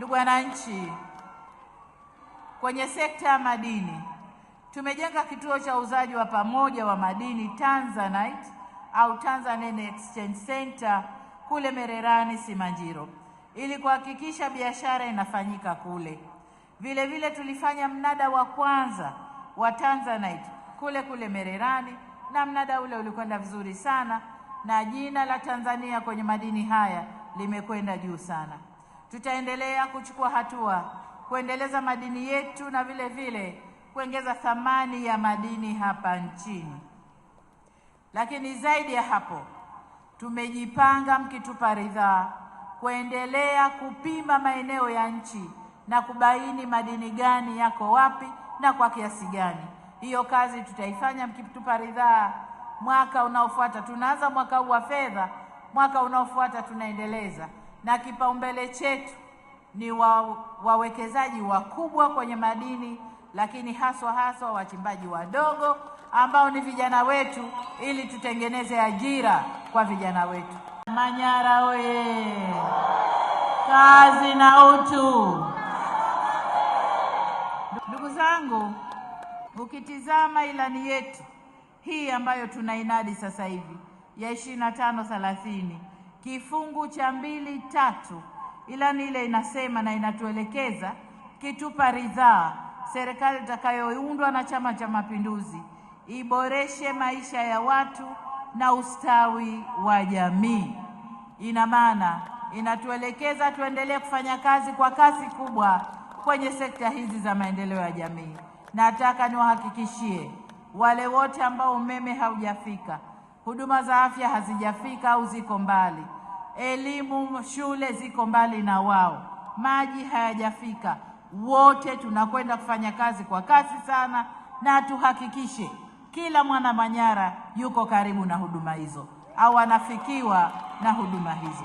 Ndugu wananchi, kwenye sekta ya madini tumejenga kituo cha uuzaji wa pamoja wa madini Tanzanite au Tanzanian Exchange Center kule Mererani Simanjiro, ili kuhakikisha biashara inafanyika kule. Vile vile tulifanya mnada wa kwanza wa Tanzanite kule kule Mererani, na mnada ule ulikwenda vizuri sana, na jina la Tanzania kwenye madini haya limekwenda juu sana tutaendelea kuchukua hatua kuendeleza madini yetu na vile vile kuongeza thamani ya madini hapa nchini. Lakini zaidi ya hapo, tumejipanga mkitupa ridhaa, kuendelea kupima maeneo ya nchi na kubaini madini gani yako wapi na kwa kiasi gani. Hiyo kazi tutaifanya mkitupa ridhaa mwaka unaofuata. Tunaanza mwaka huu wa fedha mwaka unaofuata tunaendeleza, na kipaumbele chetu ni wa, wawekezaji wakubwa kwenye madini, lakini haswa haswa wachimbaji wadogo ambao ni vijana wetu, ili tutengeneze ajira kwa vijana wetu. Manyara oye! Kazi na utu. Ndugu zangu, ukitizama ilani yetu hii ambayo tunainadi sasa hivi ya ishirini na kifungu cha mbili tatu ilani ile inasema na inatuelekeza kitupa ridhaa serikali itakayoundwa na Chama cha Mapinduzi iboreshe maisha ya watu na ustawi wa jamii. Ina maana inatuelekeza tuendelee kufanya kazi kwa kasi kubwa kwenye sekta hizi za maendeleo ya jamii. Nataka niwahakikishie wale wote ambao umeme haujafika huduma za afya hazijafika au ziko mbali, elimu shule ziko mbali na wao, maji hayajafika. Wote tunakwenda kufanya kazi kwa kasi sana, na tuhakikishe kila mwana Manyara yuko karibu na huduma hizo au anafikiwa na huduma hizo.